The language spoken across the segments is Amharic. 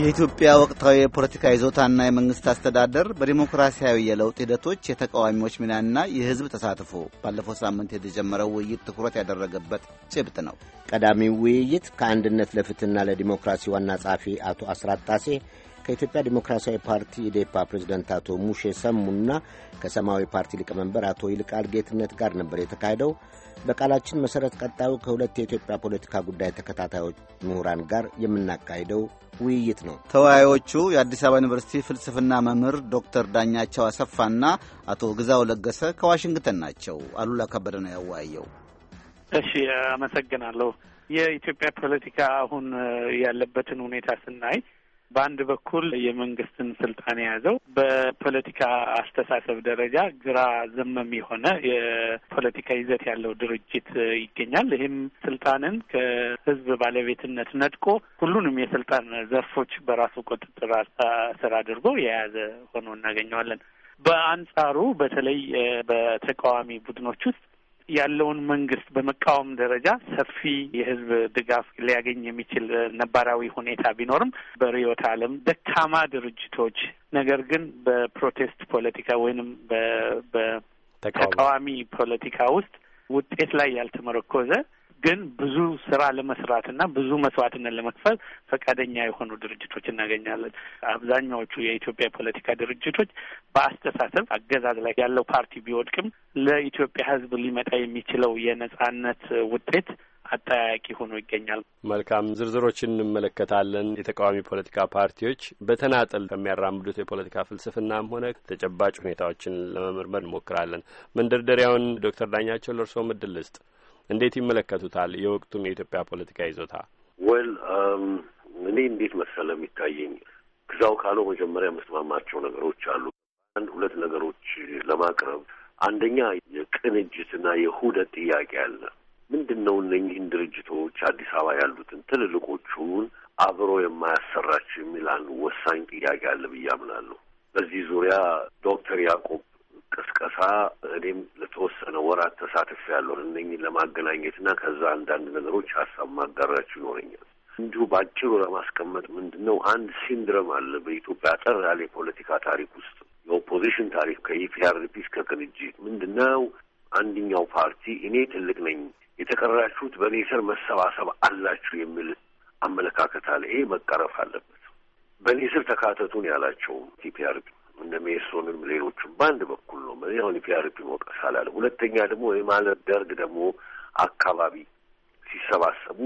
የኢትዮጵያ ወቅታዊ የፖለቲካ ይዞታና የመንግስት አስተዳደር በዲሞክራሲያዊ የለውጥ ሂደቶች የተቃዋሚዎች ሚናና የህዝብ ተሳትፎ ባለፈው ሳምንት የተጀመረው ውይይት ትኩረት ያደረገበት ጭብጥ ነው። ቀዳሚው ውይይት ከአንድነት ለፍትህና ለዲሞክራሲ ዋና ጸሐፊ አቶ አስራት ጣሴ ከኢትዮጵያ ዴሞክራሲያዊ ፓርቲ ኢዴፓ ፕሬዝደንት አቶ ሙሼ ሰሙና ከሰማያዊ ፓርቲ ሊቀመንበር አቶ ይልቃል ጌትነት ጋር ነበር የተካሄደው። በቃላችን መሠረት ቀጣዩ ከሁለት የኢትዮጵያ ፖለቲካ ጉዳይ ተከታታዮች ምሁራን ጋር የምናካሂደው ውይይት ነው። ተወያዮቹ የአዲስ አበባ ዩኒቨርሲቲ ፍልስፍና መምህር ዶክተር ዳኛቸው አሰፋና አቶ ግዛው ለገሰ ከዋሽንግተን ናቸው። አሉላ ከበደ ነው ያወያየው። እሺ፣ አመሰግናለሁ። የኢትዮጵያ ፖለቲካ አሁን ያለበትን ሁኔታ ስናይ በአንድ በኩል የመንግስትን ስልጣን የያዘው በፖለቲካ አስተሳሰብ ደረጃ ግራ ዘመም የሆነ የፖለቲካ ይዘት ያለው ድርጅት ይገኛል። ይህም ስልጣንን ከህዝብ ባለቤትነት ነጥቆ ሁሉንም የስልጣን ዘርፎች በራሱ ቁጥጥር ስር አድርጎ የያዘ ሆኖ እናገኘዋለን። በአንጻሩ በተለይ በተቃዋሚ ቡድኖች ውስጥ ያለውን መንግስት በመቃወም ደረጃ ሰፊ የህዝብ ድጋፍ ሊያገኝ የሚችል ነባራዊ ሁኔታ ቢኖርም በርዕዮተ ዓለም ደካማ ድርጅቶች ነገር ግን በፕሮቴስት ፖለቲካ ወይንም በተቃዋሚ ፖለቲካ ውስጥ ውጤት ላይ ያልተመረኮዘ ግን ብዙ ስራ ለመስራት እና ብዙ መስዋዕትነት ለመክፈል ፈቃደኛ የሆኑ ድርጅቶች እናገኛለን። አብዛኛዎቹ የኢትዮጵያ የፖለቲካ ድርጅቶች በአስተሳሰብ አገዛዝ ላይ ያለው ፓርቲ ቢወድቅም ለኢትዮጵያ ሕዝብ ሊመጣ የሚችለው የነጻነት ውጤት አጠያቂ ሆኖ ይገኛል። መልካም ዝርዝሮችን እንመለከታለን። የተቃዋሚ ፖለቲካ ፓርቲዎች በተናጠል ከሚያራምዱት የፖለቲካ ፍልስፍናም ሆነ ተጨባጭ ሁኔታዎችን ለመመርመር እንሞክራለን። መንደርደሪያውን ዶክተር ዳኛቸው ለእርስዎ ምድል ልስጥ። እንዴት ይመለከቱታል? የወቅቱን የኢትዮጵያ ፖለቲካ ይዞታ ወል um, እኔ እንዴት መሰለ የሚታየኝ ግዛው ካለው መጀመሪያ መስማማቸው ነገሮች አሉ። አንድ ሁለት ነገሮች ለማቅረብ አንደኛ የቅንጅትና የሁደት ጥያቄ አለ። ምንድን ነው እነኝህን ድርጅቶች አዲስ አበባ ያሉትን ትልልቆቹን አብሮ የማያሰራቸው የሚል አንድ ወሳኝ ጥያቄ አለ ብዬ አምናለሁ። በዚህ ዙሪያ ዶክተር ያዕቆብ ቅስቀሳ እኔም ለተወሰነ ወራት ያለሁ እነኝን ለማገናኘትና ከዛ አንዳንድ ነገሮች ሀሳብ ማጋራችሁ ይኖረኛል። እንዲሁ በአጭሩ ለማስቀመጥ ምንድን ነው አንድ ሲንድረም አለ በኢትዮጵያ አጠር ያለ የፖለቲካ ታሪክ ውስጥ የኦፖዚሽን ታሪክ ከኢፒአርፒ እስከ ቅንጅት ምንድን ነው አንድኛው ፓርቲ እኔ ትልቅ ነኝ፣ የተቀራችሁት በእኔ ስር መሰባሰብ አላችሁ የሚል አመለካከት አለ። ይሄ መቀረፍ አለበት። በእኔ ስር ተካተቱን ያላቸውም ኢፒአርፒ እንደ ሜሶንም ሌሎቹም በአንድ በኩል ነው መ አሁን ፒያርፒ መውቀስ አላለ። ሁለተኛ ደግሞ የማለት ደርግ ደግሞ አካባቢ ሲሰባሰቡ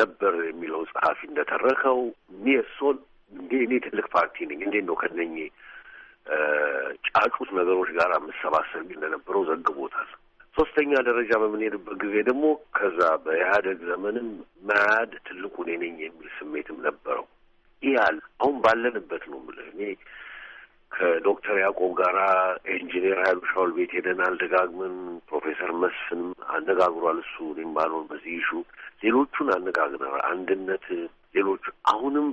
ነበር የሚለው ጸሐፊ እንደተረከው ሜሶን እንደ እኔ ትልቅ ፓርቲ ነኝ እንዴት ነው ከነኝ ጫጩት ነገሮች ጋር የምሰባሰብ እንደነበረው ዘግቦታል። ሶስተኛ ደረጃ በምንሄድበት ጊዜ ደግሞ ከዛ በኢህአደግ ዘመንም መያድ ትልቁ እኔ ነኝ የሚል ስሜትም ነበረው። ይህ አለ። አሁን ባለንበት ነው የምልህ እኔ ከዶክተር ያዕቆብ ጋር ኢንጂነር ሀይሉ ሻውል ቤት ሄደናል። ደጋግመን ፕሮፌሰር መስፍንም አነጋግሯል። እሱ እኔም ባልሆን በዚህ ይሹ ሌሎቹን አነጋግረናል። አንድነት ሌሎቹ አሁንም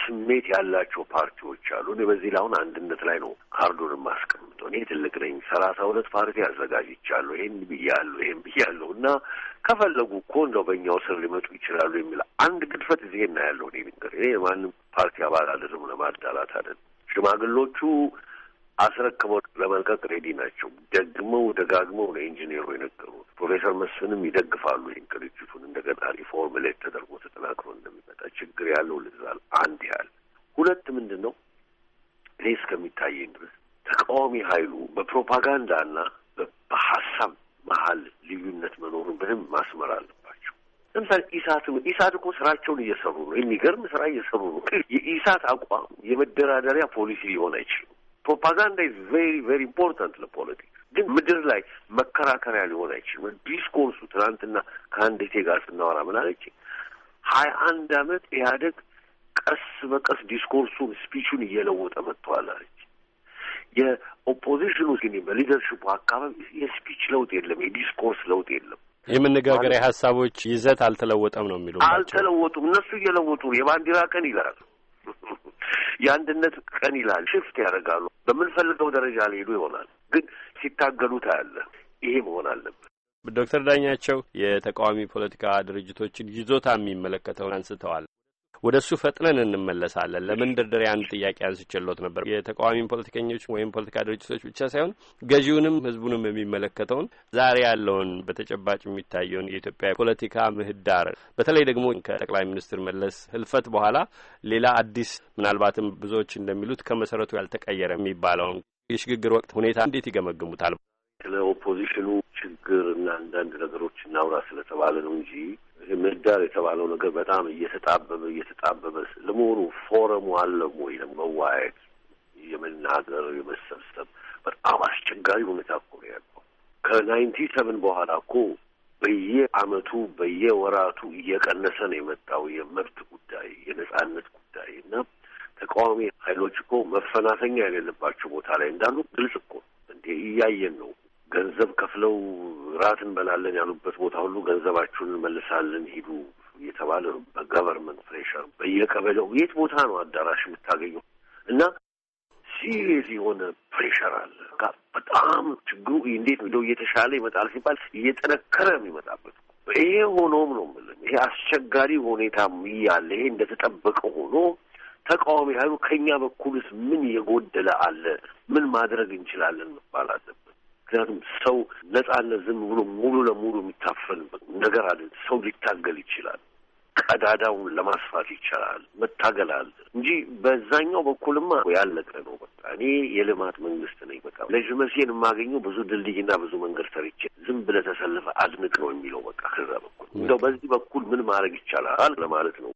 ስሜት ያላቸው ፓርቲዎች አሉ። እኔ በዚህ ላይ አሁን አንድነት ላይ ነው ካርዱን የማስቀምጠው። እኔ ትልቅ ነኝ፣ ሰላሳ ሁለት ፓርቲ አዘጋጅቻለሁ። ይህን ብያለሁ፣ ይህን ብያለሁ እና ከፈለጉ እኮ እንደው በእኛው ስር ሊመጡ ይችላሉ የሚል አንድ ግድፈት እዚህ እናያለሁ። እኔ ንገር እኔ ማንም ፓርቲ አባል አይደለም፣ ለማዳላት አይደለም ሽማግሎቹ አስረክበው ለመልቀቅ ሬዲ ናቸው። ደግመው ደጋግመው ለኢንጂነሩ የነገሩት ፕሮፌሰር መስፍንም ይደግፋሉ። ይህን ቅንጅቱን እንደገና ሪፎርም ሪፎርምሌት ተደርጎ ተጠናክሮ እንደሚመጣ ችግር ያለው ልዛል አንድ ያህል ሁለት ምንድን ነው እኔ እስከሚታየኝ ድረስ ተቃዋሚ ኃይሉ በፕሮፓጋንዳና በሀሳብ መሀል ልዩነት መኖሩን በደንብ ማስመራለሁ። ለምሳሌ ኢሳት ኢሳት እኮ ስራቸውን እየሰሩ ነው። የሚገርም ስራ እየሰሩ ነው። የኢሳት አቋም የመደራደሪያ ፖሊሲ ሊሆን አይችልም። ፕሮፓጋንዳ ኢዝ ቬሪ ቬሪ ኢምፖርታንት ለፖለቲክስ፣ ግን ምድር ላይ መከራከሪያ ሊሆን አይችልም። ዲስኮርሱ ትናንትና ከአንድ ቴ ጋር ስናወራ ምን አለች? ሀያ አንድ አመት ኢህአደግ ቀስ በቀስ ዲስኮርሱን ስፒቹን እየለወጠ መጥተዋል አለች። የኦፖዚሽኑ ግን በሊደርሽፑ አካባቢ የስፒች ለውጥ የለም፣ የዲስኮርስ ለውጥ የለም። የመነጋገሪያ ሀሳቦች ይዘት አልተለወጠም ነው የሚሉ አልተለወጡም። እነሱ እየለወጡ የባንዲራ ቀን ይላል፣ የአንድነት ቀን ይላል፣ ሽፍት ያደርጋሉ። በምንፈልገው ደረጃ ሊሄዱ ይሆናል፣ ግን ሲታገሉ ታያለህ። ይሄ መሆን አለበት። ዶክተር ዳኛቸው የተቃዋሚ ፖለቲካ ድርጅቶችን ይዞታ የሚመለከተውን አንስተዋል። ወደ እሱ ፈጥነን እንመለሳለን። ለመንደርደሪያ አንድ ጥያቄ አንስቼሎት ነበር። የተቃዋሚን ፖለቲከኞች ወይም ፖለቲካ ድርጅቶች ብቻ ሳይሆን ገዢውንም ህዝቡንም የሚመለከተውን ዛሬ ያለውን በተጨባጭ የሚታየውን የኢትዮጵያ ፖለቲካ ምህዳር በተለይ ደግሞ ከጠቅላይ ሚኒስትር መለስ ህልፈት በኋላ ሌላ አዲስ ምናልባትም ብዙዎች እንደሚሉት ከመሰረቱ ያልተቀየረ የሚባለውን የሽግግር ወቅት ሁኔታ እንዴት ይገመግሙታል? ስለ ኦፖዚሽኑ ችግር እና አንዳንድ ነገሮች እናውራ ስለተባለ ነው እንጂ ምህዳር የተባለው ነገር በጣም እየተጣበበ እየተጣበበ ለመሆኑ ፎረሙ አለም ወይ መዋየት የመናገር የመሰብሰብ በጣም አስቸጋሪ ሁኔታ እኮ ነው ያለው። ከናይንቲ ሰቨን በኋላ እኮ በየአመቱ በየወራቱ እየቀነሰ ነው የመጣው የመብት ጉዳይ የነጻነት ጉዳይ እና ተቃዋሚ ኃይሎች እኮ መፈናፈኛ የሌለባቸው ቦታ ላይ እንዳሉ ግልጽ እኮ እንዴ እያየን ነው። ገንዘብ ከፍለው ራት እንበላለን ያሉበት ቦታ ሁሉ ገንዘባችሁን እንመልሳለን ሂዱ እየተባለ ነው። በገቨርንመንት ፕሬሽር በየቀበሌው የት ቦታ ነው አዳራሽ የምታገኘው? እና ሲሪየስ የሆነ ፕሬሽር አለ። በጣም ችግሩ እንዴት እንደው እየተሻለ ይመጣል ሲባል እየጠነከረ የሚመጣበት ይሄ ሆኖም ነው የምልህ ይሄ አስቸጋሪ ሁኔታም እያለ ይሄ እንደተጠበቀ ሆኖ ተቃዋሚ ኃይሉ ከእኛ በኩልስ ምን የጎደለ አለ? ምን ማድረግ እንችላለን መባል ምክንያቱም ሰው ነጻነት ዝም ብሎ ሙሉ ለሙሉ የሚታፈን ነገር አለ። ሰው ሊታገል ይችላል። ቀዳዳውን ለማስፋት ይቻላል። መታገል አለ እንጂ በዛኛው በኩልማ ያለቀ ነው። በቃ እኔ የልማት መንግስት ነኝ። በቃ ለዥመሴን የማገኘው ብዙ ድልድይና ብዙ መንገድ ሰርቼ ዝም ብለህ ተሰልፈህ አድንቅ ነው የሚለው በቃ ከዛ በኩል እንደው በዚህ በኩል ምን ማድረግ ይቻላል ለማለት ነው።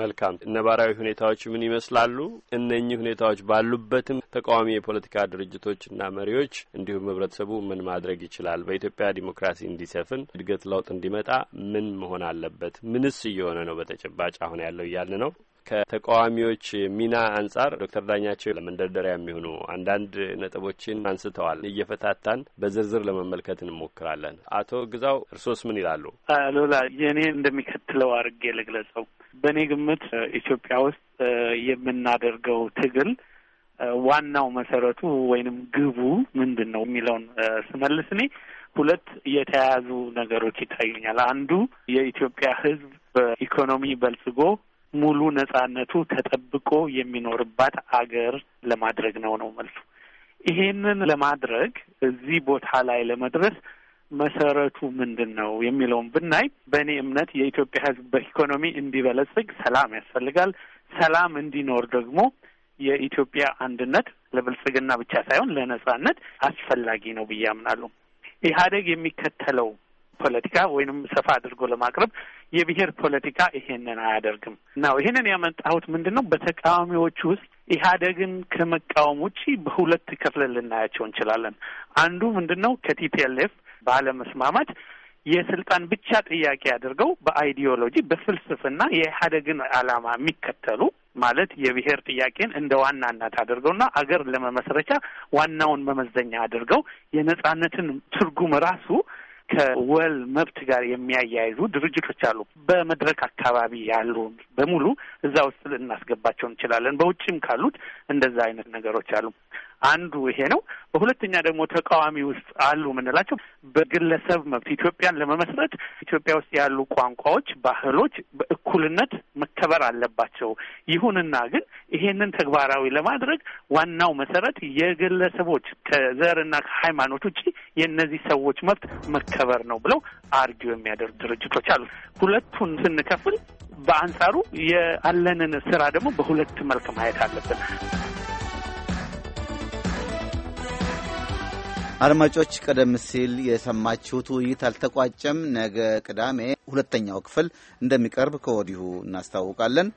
መልካም ነባራዊ ሁኔታዎች ምን ይመስላሉ? እነኚህ ሁኔታዎች ባሉበትም ተቃዋሚ የፖለቲካ ድርጅቶችና መሪዎች እንዲሁም ህብረተሰቡ ምን ማድረግ ይችላል? በኢትዮጵያ ዲሞክራሲ እንዲሰፍን እድገት፣ ለውጥ እንዲመጣ ምን መሆን አለበት? ምንስ እየሆነ ነው በተጨባጭ አሁን ያለው እያልን ነው። ከተቃዋሚዎች ሚና አንጻር ዶክተር ዳኛቸው ለመንደርደሪያ የሚሆኑ አንዳንድ ነጥቦችን አንስተዋል። እየፈታታን በዝርዝር ለመመልከት እንሞክራለን። አቶ ግዛው እርሶስ ምን ይላሉ? ሎላ የእኔ እንደሚከትለው አድርጌ ልግለጸው። በእኔ ግምት ኢትዮጵያ ውስጥ የምናደርገው ትግል ዋናው መሰረቱ ወይንም ግቡ ምንድን ነው የሚለውን ስመልስ እኔ ሁለት የተያያዙ ነገሮች ይታዩኛል። አንዱ የኢትዮጵያ ሕዝብ በኢኮኖሚ በልጽጎ ሙሉ ነጻነቱ ተጠብቆ የሚኖርባት አገር ለማድረግ ነው ነው መልሱ። ይሄንን ለማድረግ እዚህ ቦታ ላይ ለመድረስ መሰረቱ ምንድን ነው የሚለውን ብናይ በእኔ እምነት የኢትዮጵያ ሕዝብ በኢኮኖሚ እንዲበለጽግ ሰላም ያስፈልጋል። ሰላም እንዲኖር ደግሞ የኢትዮጵያ አንድነት ለብልጽግና ብቻ ሳይሆን ለነጻነት አስፈላጊ ነው ብዬ አምናለሁ። ኢህአዴግ የሚከተለው ፖለቲካ ወይንም ሰፋ አድርጎ ለማቅረብ የብሔር ፖለቲካ ይሄንን አያደርግም ነው። ይሄንን ያመጣሁት ምንድን ነው? በተቃዋሚዎች ውስጥ ኢህአደግን ከመቃወም ውጪ በሁለት ክፍል ልናያቸው እንችላለን። አንዱ ምንድን ነው? ከቲፒኤልኤፍ ባለመስማማት የስልጣን ብቻ ጥያቄ አድርገው በአይዲዮሎጂ በፍልስፍና የኢህአደግን ዓላማ የሚከተሉ ማለት የብሔር ጥያቄን እንደ ዋናነት አድርገውና አገር ለመመስረቻ ዋናውን መመዘኛ አድርገው የነጻነትን ትርጉም ራሱ ከወል መብት ጋር የሚያያይዙ ድርጅቶች አሉ። በመድረክ አካባቢ ያሉ በሙሉ እዛ ውስጥ ልናስገባቸው እንችላለን። በውጭም ካሉት እንደዛ አይነት ነገሮች አሉ። አንዱ ይሄ ነው። በሁለተኛ ደግሞ ተቃዋሚ ውስጥ አሉ የምንላቸው በግለሰብ መብት ኢትዮጵያን ለመመስረት ኢትዮጵያ ውስጥ ያሉ ቋንቋዎች፣ ባህሎች በእኩልነት መከበር አለባቸው። ይሁንና ግን ይሄንን ተግባራዊ ለማድረግ ዋናው መሰረት የግለሰቦች ከዘርና ከሃይማኖት ውጭ የእነዚህ ሰዎች መብት መከበር ነው ብለው አርጊው የሚያደርጉ ድርጅቶች አሉ። ሁለቱን ስንከፍል በአንጻሩ ያለንን ስራ ደግሞ በሁለት መልክ ማየት አለብን። አድማጮች ቀደም ሲል የሰማችሁት ውይይት አልተቋጨም። ነገ ቅዳሜ ሁለተኛው ክፍል እንደሚቀርብ ከወዲሁ እናስታውቃለን።